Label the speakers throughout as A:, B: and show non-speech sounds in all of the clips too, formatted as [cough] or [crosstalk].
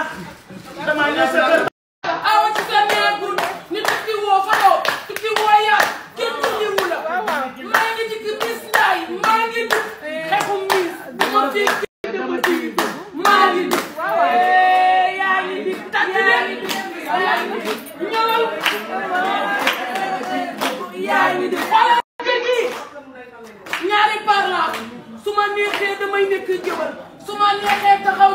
A: baax dama ñëw sa kër awa ci sa meer bu ni tukki woo faroo tukki woo yaar kenn tukki wu la maa ngi ci ki bis laay maa ngi dugg xeexu miis di ko fii di ko fii maa ngi dugg yaa ngi dugg tàkk de ñëwal yaa ngi dugg xoolal kër gi ñaari parlant su ma neexee damay nekk jëbal su ma neexee taxaw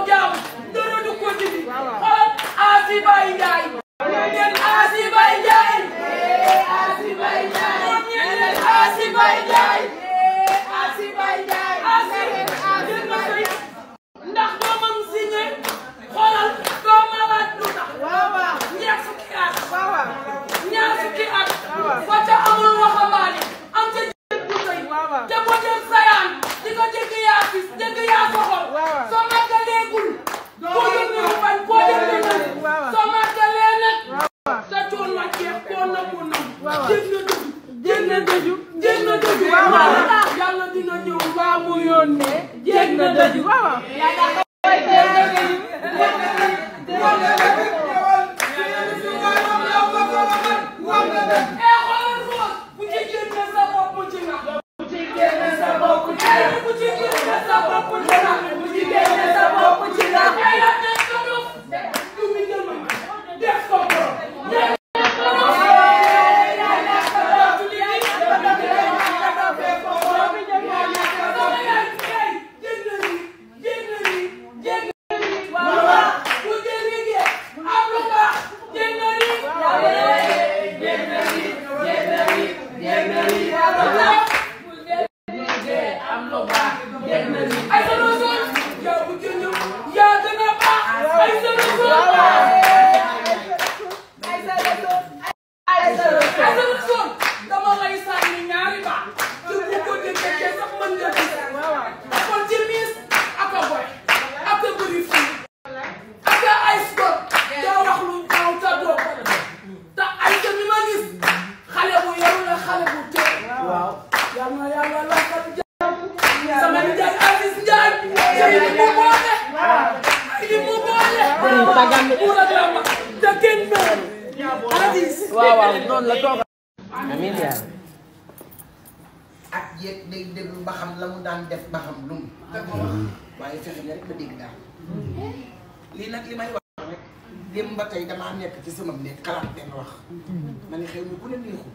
A: ma ne xëy na ku ne neexul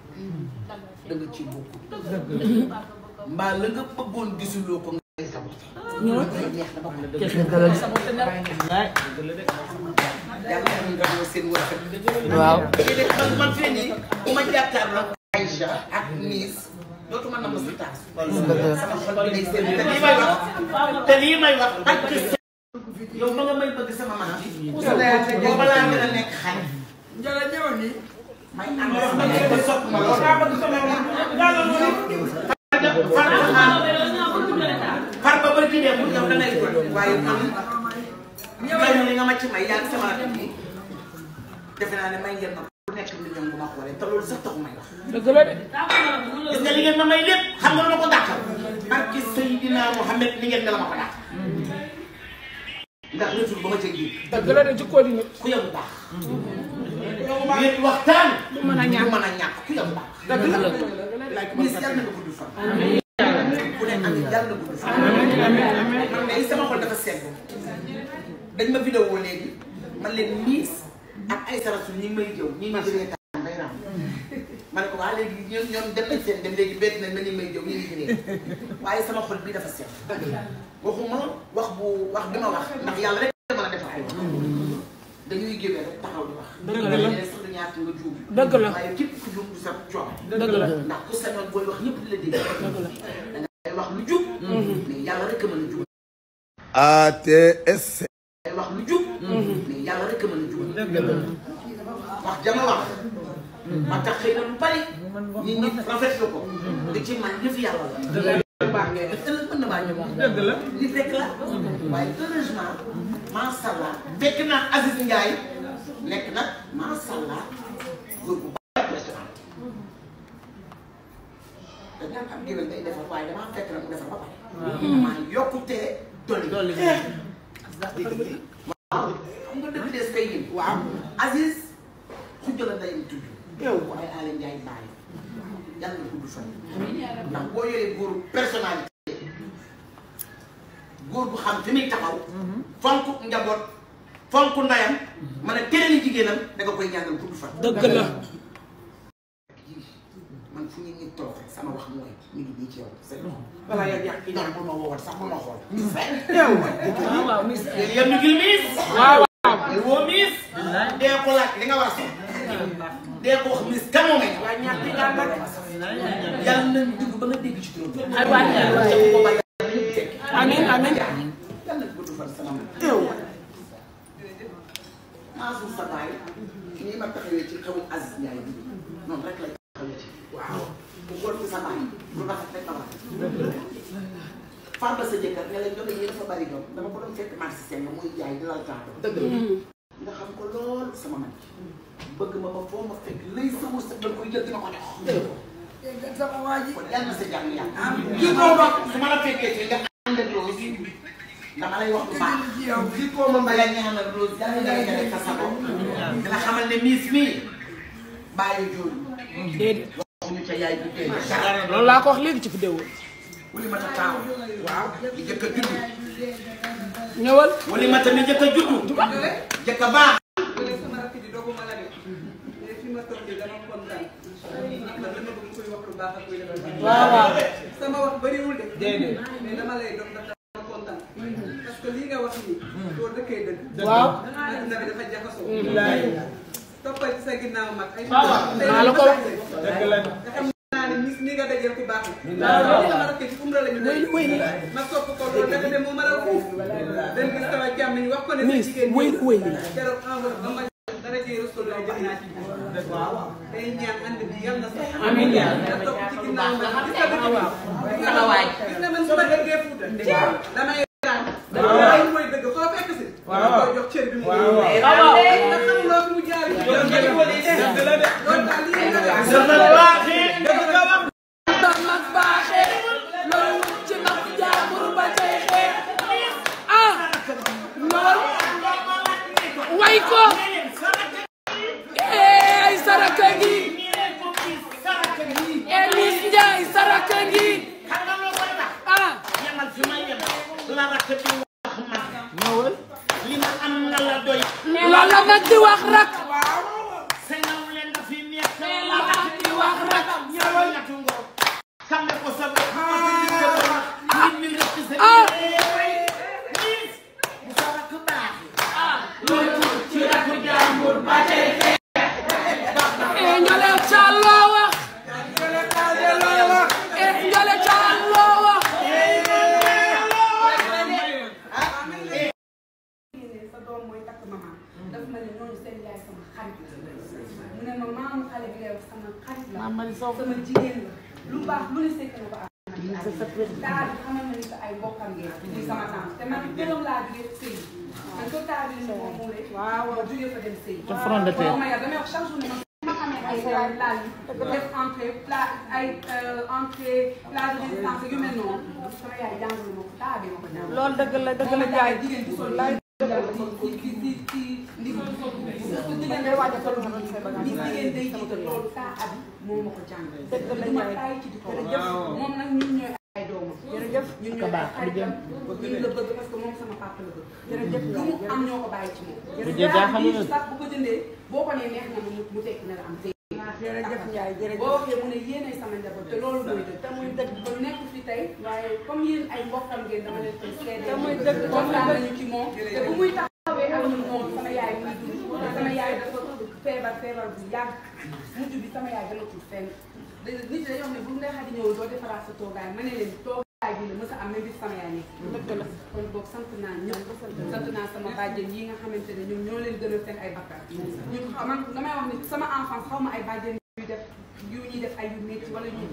A: da nga ci bokk mbaa la nga bëggoon gisuloo ko ngay saboté ñoo neex na ba yàlla xam nga doo seen wër waaw déedéet man man fii nii bu ma jàkkaarloo Aïcha ak Miss dootuma nam sa taas te lii may wax ak yow ma nga may bëgg sama maam booba laa gën a nekk xale njëla ñëw nii may
B: ba bëri dee mu yow da ngay waaye
A: am li nga ma ci may yaa ngi sama rakk bi defe naa ne may ngeen ma ku nekk lu ñoom bu ma xoolee te lool sax taxu may wax. dëgg la de. gis nga li ngeen ma may lépp xam nga lu ko dàqal. barke Seydina Mohamed li ngeen ne la ma ko dàq. ndax retour ba ma ca di nit ku yow bu yéen waxtaan. lu mën a ñàkk lu a ñàkk ku yam baax. dëgg la na nga gudd fan. ku ne am yàlla na gudd fan. man de dañ ma vidéo léegi man leen miis ak ay sarasu ñi may jëw ñi may jëlee taan day raam. ma ne ko waa léegi ñoom ñoom dem nañ seen dem léegi bett nañ ma may jëw ñu ngi jëlee waaye sama xol bii dafa sedd. waxuma wax bu wax bi ma wax ndax yàlla rek mën a defar ay dañuy génne rek taxaw di wax. dëgg la sax dañuy àgg nga juum. dëgg ku sa coono. dëgg wax ñëpp di la dégg. dëgg la wax lu jub. Mm-hmm. mais yàlla a mën a jub. ATS. da ngay wax lu jub. Mm-hmm. mais yàlla a mën a jub. wax jama wax. ma mm-hmm. tax xëy na lu bari. nit ñi rafetlu ko. li ci man yëf yàlla ëllëg mën na maa ñëw li fekk la waaye fekk naa Aziz Ndiaye nekk nag macha allah bu baax damaa fekk na mu defar ba pare maa yokkutee dolli dolli waaw xam nga dëgg waaw Aziz su jëla day tudd yow waaye Aly Ndiaye bàyyi yàlla gudd fan ndax boo yoree góoru personnalité góor bu xam fi muy taxaw mhm. fonk njaboot fonk ndayam mën a tërali jigéenam da koy ñaanal gudd fan dëgg la man fu ñu nit toog sama sa balaa mhm. [laughs] yow xool mis teew ngi mis dee ko laaj li nga war a dee ko wax mis ka moomee waaye ñaar di daal yàlla nañu dugg ba nga dégg ci turam. amiin amiin. yàlla nañu ko defal sama teew. maa suuf sa baay. nii ma taxawee ci xewu Aziz Ndiaye bi noonu rek lañ taxawee ci. waaw bu góor bi sa baay lu rafet rek la war. Farba sa jëkkër ne la joxe yi dafa bari doom dama ko doon fekk marché seen nga muy jaay di lal taatu. dëgg mm-hmm. nga xam ko lool sama man. bëgg ma ba foo ma fekk lay sa wërsëg da koy jël dina ko sama waa ji. yal na sa jàmm yàgg. amiin ba su ma la fekkee fii nga ànd ak Rose dama lay wax bu baax. jikkoo ma mbala ñaanal Rose yàlla nga def sa bopp. dina xamal ne miis mii bàyyi jooju. déedéet waxuñu ca yaay ju dee. loolu laa ko wax léegi ci vidéo wali mata taaw waaw di jëkk a juddu. ñëwal wali mata mi jëkk a juddu. jëkk a baax. baax ak kuy defal baax. waaw waaw sama wax bëriwul de. déedéet mais
B: dama lay doon dafa kontaan. parce que lii nga wax nii. boo hmm. dëkkee dëgg. waaw adduna bi dafa jaxasoo. toppal ci sa ginnaaw mag. ay waaw la ko wax dëgg la. ni nga dajeel ku baax la. waaw sama rakk ci
A: umra la ñu doon. ma sopp ko loolu dafa dem mu maral ko. dem gis sama càmm ñu wax ko ne sa jigéen ñi.
B: keroog enveloppe ba ma ci Rasulullah jox naa ci biir. waaw tey ñaan ànd bi yal na sax. amiin yaa ngi lay topp ci ginnaaw ndax gis nga bëgg. waaw taxawaay gis nga man su ma déggee Fuuta. damay
A: daan. damay
B: mooy dëgg foo fekk si.
A: waaw waaw jox cër bi mu. waaw waaw nga xam
B: loo fi mu jaar. jërëjëf jërëjëf
A: Michael!
B: ca front de terre. laal def entrée plat ay entrée de jaay jigéen ci sol laay a sol jaay jërëjëf ñun ñoo baax ñu la bëgg parce que moom sama papa la bëgg. jërëjëf lu mu am ñoo ko bàyyi ci moom. jërëjëf sax bu ko jëndee boo ko nee neex na mu tekki na la am tey. jërëjëf Ndiaye jërëjëf boo waxee mu ne yéenay sama njaboot te loolu mooy dëgg. te muy dëgg ba nekk fi tey waaye comme yéen ay mbokkam ngeen dama leen koy seede. te muy dëgg kontaan nañu ci moom te bu muy taxawee ak ñun moom sama yaay muy dund sama yaay dafa feebar feebar bu yàgg mujj bi sama yaay dana tudd fenn nit dañoo xam ne bu Ndeye Khady ñëwul doo defaraat sa toogaay ma ne leen toogaay bi la mës a am même bi sama yaay nekk mm-hmm. dëgg sama bàjjen yi nga xamante ne ñoom ñoo leen gën a seen ay bakkan mm-hmm. ñun man damay wax ne sama enfance xaw ma ay bàjjen yu def yu ñuy def ay yu métti wala ñu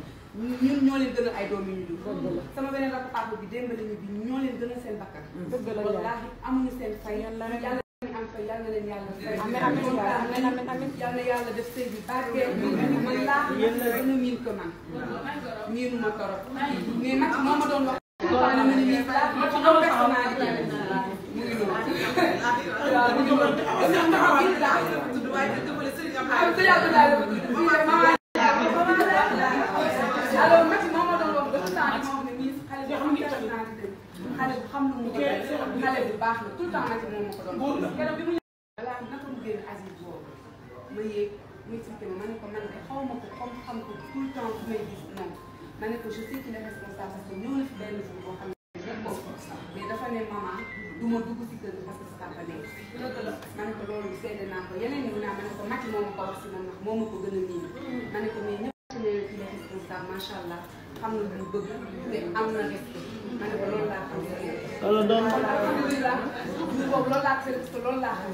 B: ñun ñoo leen gën a ay doom yu ñu jur sama beneen rakk papa bi démb la ñu bi ñoo leen gën a seen bakkan mm-hmm. dëgg la wallaahi amuñu seen fay papa yal na leen yàlla fay. amiin amiin amiin yal na yàlla def sëy bi barkeel bi man laa gën a miin ko man. miinu ma torop. mais nag moo ma doon wax. waaw man mii laa ma ci doon personnalité. mu ngi noonu. waaw mu ngi noonu. bu xam lu mu ko xale bu baax la tout le temps nag moom ma ko doon keroog bi mu ñëwee naka mu génn Aziz boobu ma yéeg muy cité ma ne ko man de xaw ma ko comme xam ko tout le temps bu may gis moom ma ne ko je sais qu'il est responsable parce que ñëw na fi benn jour boo xam ne ñëpp mais dafa ne maman du ma dugg si kër gi parce que sa papa nekk ma ne ko loolu seede naa ko yeneen yi mu naa ma ne ko Macky moo ma ko wax si moom ndax moo ma ko gën a miin mm. ma ne ko mais ñëpp nee na qu'il est responsable macha allah xam na lu mu bëgg te am na respect loolu doon alhamdulilah ñu boobu loolu laa fekk te loolu laa xam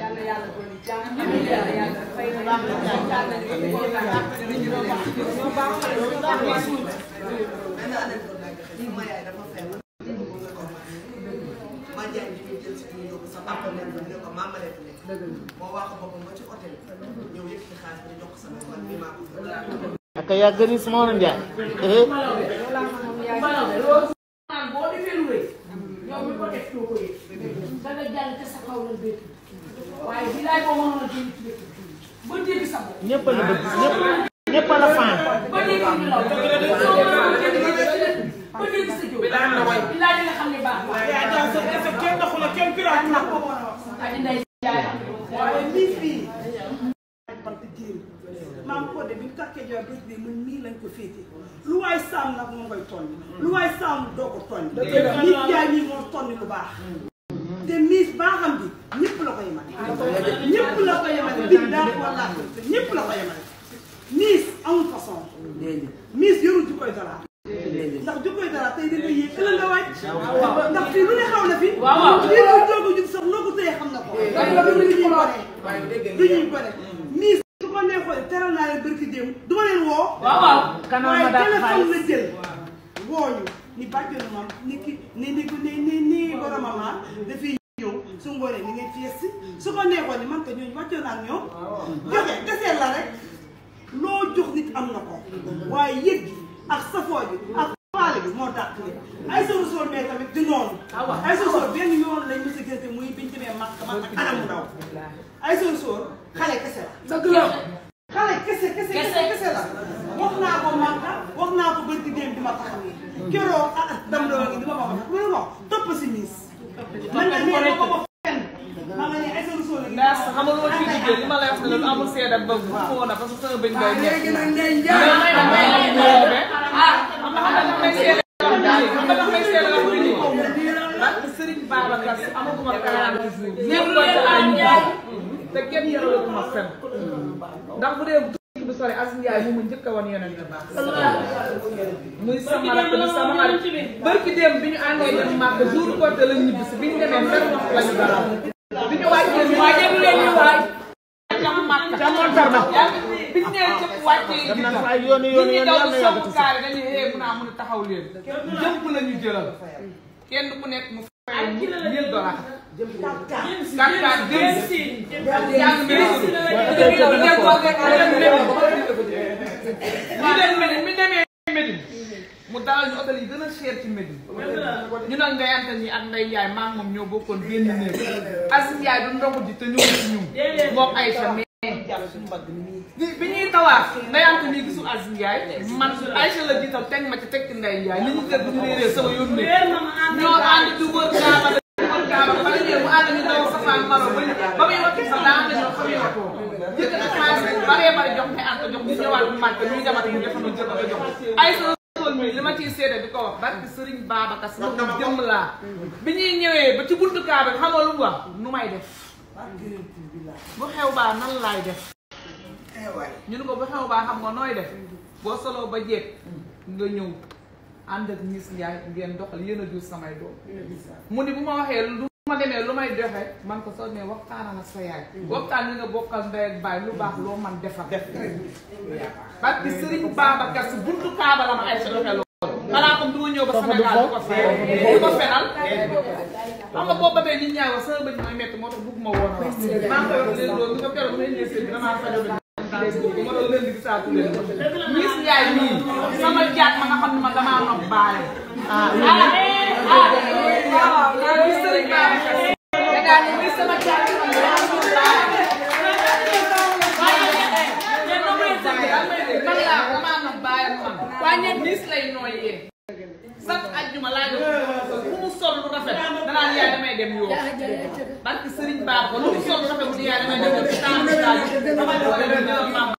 B: yàlla yàlla dolli jàmm yàlla yàlla fay na ma jaay
A: bi ñu jël si ñu yóbbu sa papa leen ñu ne ko maama leen nekk moo wax boppam ba ci hôtel ñëw yëpp ci xaalis bi jox ko sama man bi maa ko ak yàgg ni sama war a njaay balaw a jënd nga xam ne Kër Joor bés bi mën lañ ko féete lu waay saam nag moo koy tonni lu waay saam doo ko tonni nit lu baax te miis baaxam bi ñëpp la ko yemale ñëpp la ko yemale bi daa wala ñëpp la ko yemale miis amul façon miis yorul ju koy dara ndax ju koy dara tey dangay yéeg ëllëg nga wàcc ndax fii lu ne xaw na fi lii lu jóg jub sax loo ko tëye xam na ko du ñuy bore du ñuy bore miis teral naa leen barki déew du dafay ñëw su ngoonee ni ngay fies si su ko neexoon ni man ko ñooñu wàccoon naa joxe deseel la rek loo jox nit am na ko. waaye yëg ak safoo bi ak faale bi moo dàq leen ay soo sool mee tamit di noonu. Ah, ay soo sool benn yoon lañ mos a gëstoo muy biñ demee mag man ak anamu ndaw ay soo sool xale kese la. xale kese kese kese kese la wax naa ko Maka ah, wax naa ko bëri démb bi ma taxaw nii. keroog ah ah dama doon wax dama ko wax dama doon wax topp si miis. man la nee ma ko ko fenn. ma nga ne ay solution la. ndax xam nga ci liggéey li ma lay wax ne loolu amul seede ba bu ko na parce que sama bëñ bay léegi nag ngay jaay ah xam nga xam nga may seede wax daal xam nga may seede wax bu ñu ko. Serigne Babacar amaguma 40 jours ñëpp ko sa ñëw te kenn yaralu ma fen mm. ndax bu dee bu sore Aziz Ndiaye mu ma njëkk a wan yeneen yu baax muy sama rakk di sama xarit barki bi ñu àndee dem si bi ñu demee benn wax la ñu daw sobu kaari dañu xee mun a mun a taxaw leen jëpp la ñu jëlal kenn ku nekk mu fay mille dollars mu dalal ñu hôtel yi gën a cher ci Médine ñu nag ngay antal ñi ak Ndeye Ndiaye maa moom ñoo bokkoon benn néeg Aziz Ndiaye du ndogu ji te ñu ñu moom Aïcha mais bi ñuy tawaaf Ndeye Anta nii gisul Aziz Ndiaye man Aïcha la jiital teg ma ci teg ci Ndeye Ndiaye li ñu teg bu ñu réeree sama yoon néeg ñoo ànd di wër kaaba ba ñu ñëw mu ànd ñu daw safaan maro ba ba muy wàcc sax daa ànd ñoo fa muy wàcc jëkk na xaalis baree bari jox ne ànd jox ñu ñëwaat mu màgg ñu jamat ñu defa ñu jëkk ba jox ay sool mi li ma ciy seede di ko wax barki sëriñ Babacar sama jëmm laa bi ñuy ñëwee ba ci buntu kaaba bi xamoo lu mu wax nu may def bu xew baa nan laay def eh ñu ne ko bu xew baa xam nga nooy def boo soloo ba jeeg nga ñëw ànd ak Miss Ndiaye ngeen doxal yéen a samay doom mu ni bu ma waxee lu ma demee lu may defe man ko soo demee waxtaanal ak sa yaay mm-hmm. waxtaan li nga bokkal ndey ak baax loo man defal def parce que Serigne si buntu Kaaba la ma ay sa doxee loolu xanaa comme du ma ñëw ba Sénégal di ko ko fenal xam nga boo babee nit ñaay wax sama bëñ mooy metti moo tax bëgg ma woon a maa ngi wax léegi loolu bi nga keroog nañ ne sëñ bi damaa sa ma doon leen di saa leen Miss Ndiaye nii sama jaat ma nga xam ne ma damaa nopp baale. ah man laa damaa nopp baale man. waa ñeent Miss lay nooyee. sax ajjuma rafet danaan yaay damay dem yoo barke Serigne Ba ko mu sol rafet bu di yaay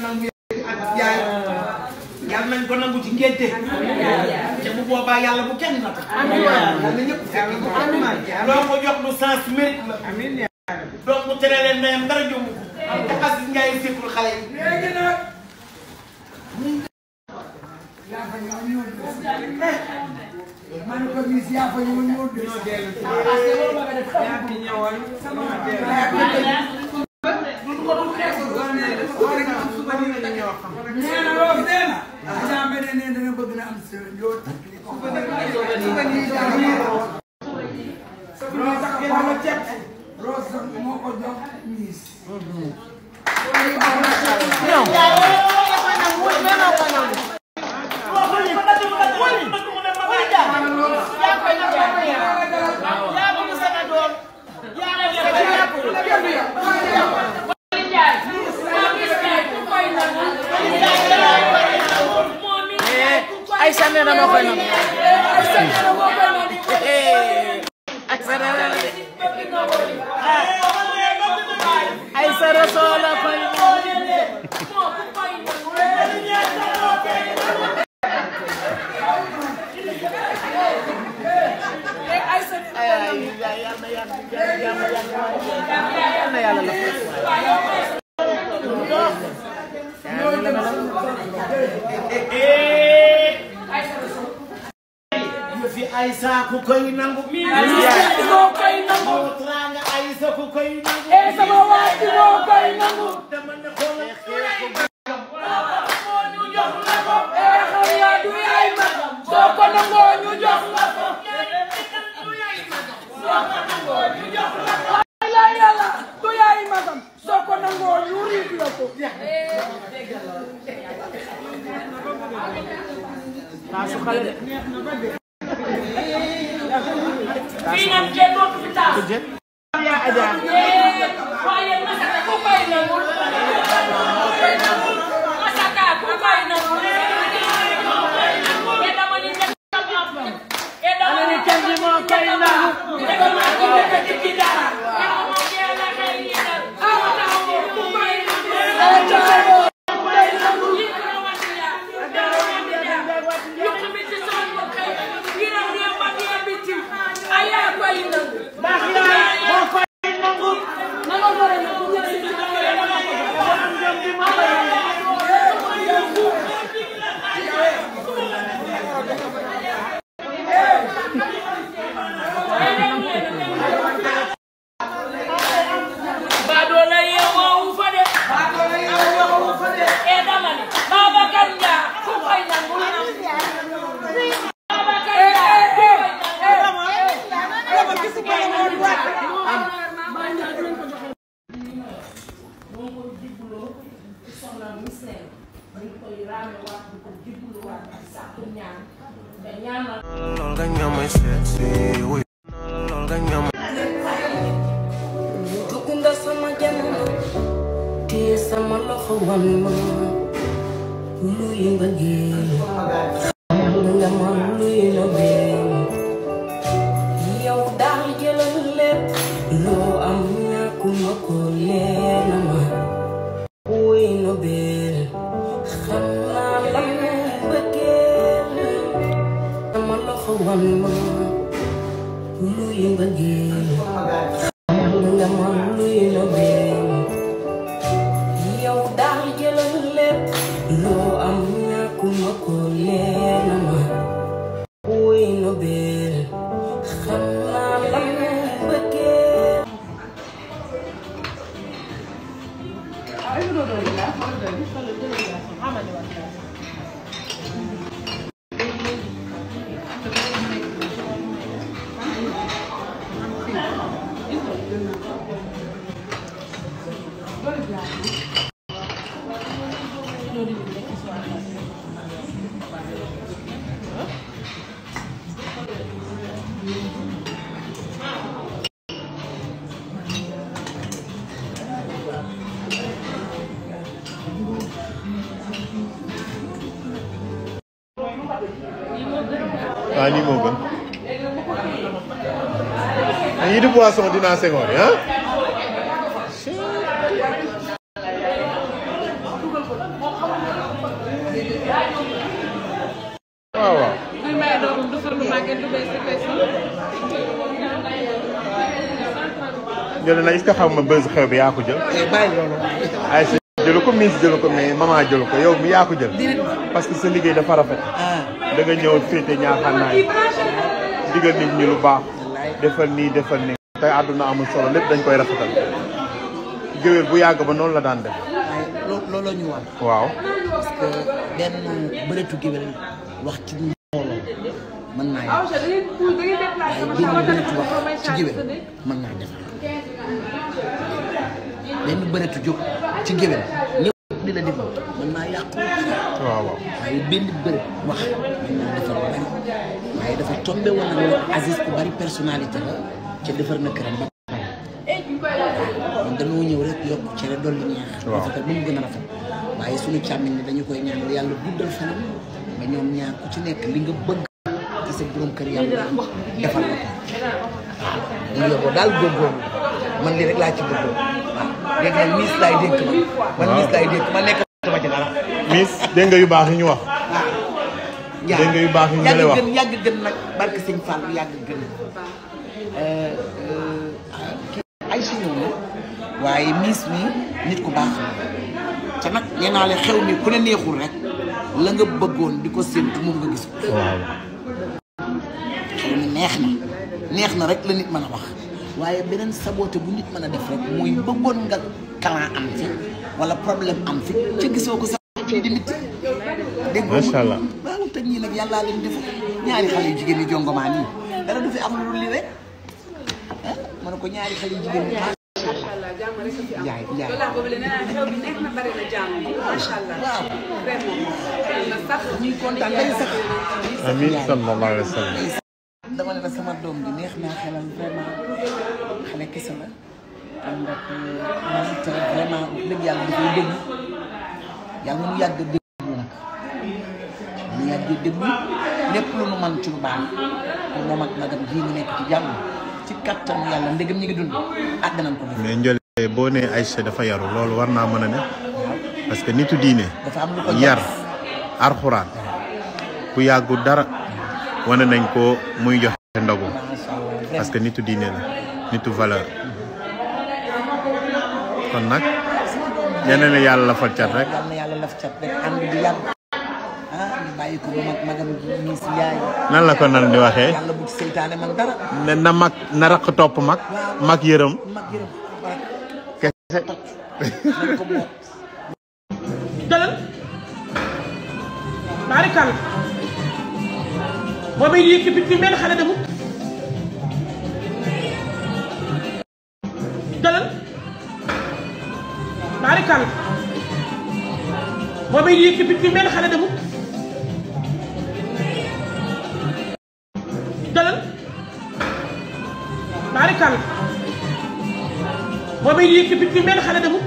A: nangu ci ak ci ngénte te bu boobaa yàlla bu kenn na ñëpp fekk ko doo lu sens mérite la doo ko tere leen dara jomb ko Aziz Ndiaye sékkul xale yi man yoo xam. nee na loolu nee na. dina am beneen nee na dana bëgg na am si yow. yàlla la. fi Aïssa ku koy nangu. mi ngi moo koy nangu. moo tranga Aïssa ku koy nangu. e sama waay ji moo koy nangu. dama ne xoolal. moo ñu jox na ko. e xam yaa du yaay ma. soo ko nangoo fii
B: nag jéem bokk
A: fi taal. waaye Masaka ku koy nangul. Masaka ku koy nangul. et dama ni njëkk a. et dama ni njëkk a. et dama ni njëkk a. te ñaanal lool nga ñamay seetsi wuy lool sama jamono
B: loxo wan ma luy mbëggeel
C: façon dinaa Senghor que xam ma bés xew bi yaa ko jël. Eh, ay si jëlu ko miis jëlu ko mais maman jëlu ko yow mi yaa ko jël. parce que sa liggéey dafa rafet. Ah. da ñëw féete ñaaxaan naa digal nit lu baax. defal nii defal nii. tey àdduna amul solo lépp dañ koy rafetal géwél bu yàgg ba noonu la daan def.
B: waaye
A: looloo ñu war. waaw waaye benn
C: bëreetu wax ci
A: naa def la def mën naa yàq. waaw waaye defar lu bari waaye dafa bari personnalité ca defar na këram ba ñëw rek yokk cere dolli ñeex. waaw rafetal ba mu gën a rafet. waaye sunu càmmiñ ne dañu koy ñaanal yàlla guddal fanam ba ñoom ñaar ku ci nekk li nga bëgg ci sa borom kër yàlla defal la ko. daal góorgóorlu man lii rek laa ci bëggoon waaw léegi nag miis laay dénk ma. man
C: ma nekk miis dégg yu baax yi ñu wax. waaw dégg yu baax yi ñu lay wax yàgg gën
A: yàgg gën nag barke Sëñ Fall yàgg gën. Euh, euh, ay siñoo la waaye miis mi nit ku baax la te nag nee naa la xew mi ku ne neexul rek la nga bëggoon di ko séentu moom nga gis xew mi neex na neex na rek la nit mën a wax waaye beneen saboté bu nit mën a def rek mooy bëggoon nga kalan am fi wala problème am fi ca gisoo ko sa fii di nit dégg macha allah waaw te ñii nag yàllaa leen def ñaari xale yu jigéen yi jongomaan yi dara du am lu li rek ma ne ko ñaari xale jigéen ñi macha
B: allah jàmm rek a fi am jaay jaay loolu boobu la nee naa xew bi neex na bare na jàmm macha allah waaw vraiment na sax ñuy kontaan day sax
C: amiin sallallahu alayhi wa sallam
A: dama ne la sama doom bi neex naa xelal vraiment xale kese la ànd ak euh, man te vraiment lépp yàlla da koy déglu yàlla mu yàgg déglu nag mu yàgg déglu lépp lu nu man ci lu baax pour moom ak madame jii ñu nekk ci jàmm ci kattan yàlla ndegam ñi
C: boo nee Aïcha dafa yaru loolu war naa mën ne. parce que nitu diine.
A: dafa am lu ko yar
C: arxuraan. ku yàggul dara. wane nañ ko muy joxe ndogu. parce que nitu diine la nitu valeur. kon nag. yeneen yàlla lafal cat rek. yàlla
A: lafal cat rek bàyyi ko
C: la ko nan di waxee.
A: yàlla
C: na mag na raq topp mag. mag yërëm. mag yërëm kese.
A: jëlal. xale demul. jëlal. damay yëkkati benn xale dafa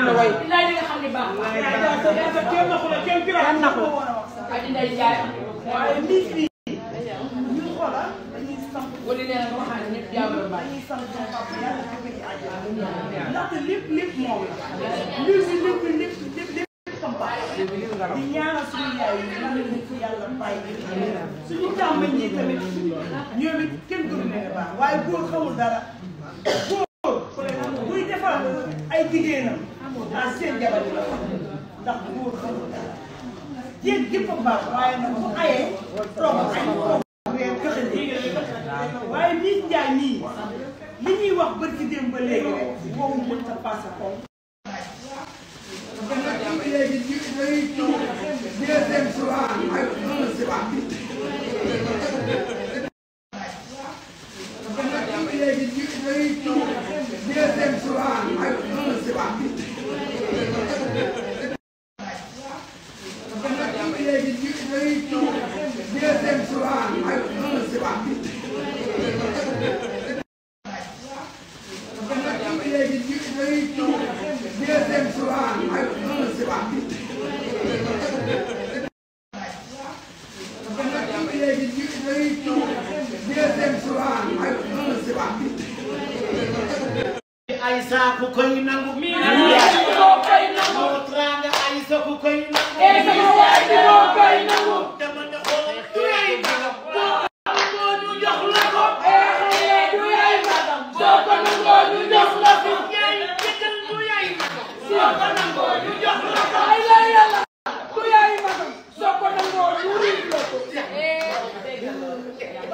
A: naan la way. li nga xam ne baax kenn na ko waaye lii fii ñu xoola dañuy sant. wala nee na nga waxaale ñëpp jaawale baax. dañuy sant papa yàlla ko ci àjjana. ndaxte lépp lépp moom la. lépp lépp lépp lépp lépp sama
B: papa. di ñaanal
A: suñu yaay yi lan la ñu ko yàlla bàyyi. suñu tàmm ñi tamit ñoom it kenn gënu ne baax waaye góor xamul dara.
B: ah seen jabar yi la
A: ndax góor xamul dara jéeg jëpp a baax waaye nag bu ayee toog ay toog weer këxële waaye nit jaay nii li ñuy wax bërki démb ba léegi rek boobu mën ta passé kaw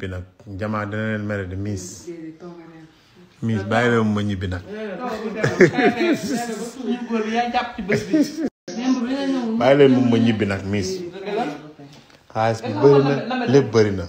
C: ñibbi nag jamaa dina leen mere de miis miis bàyyi leen ma ñibbi nag bàyyi leen ma ñibbi nag miis xaalis bi lépp bëri na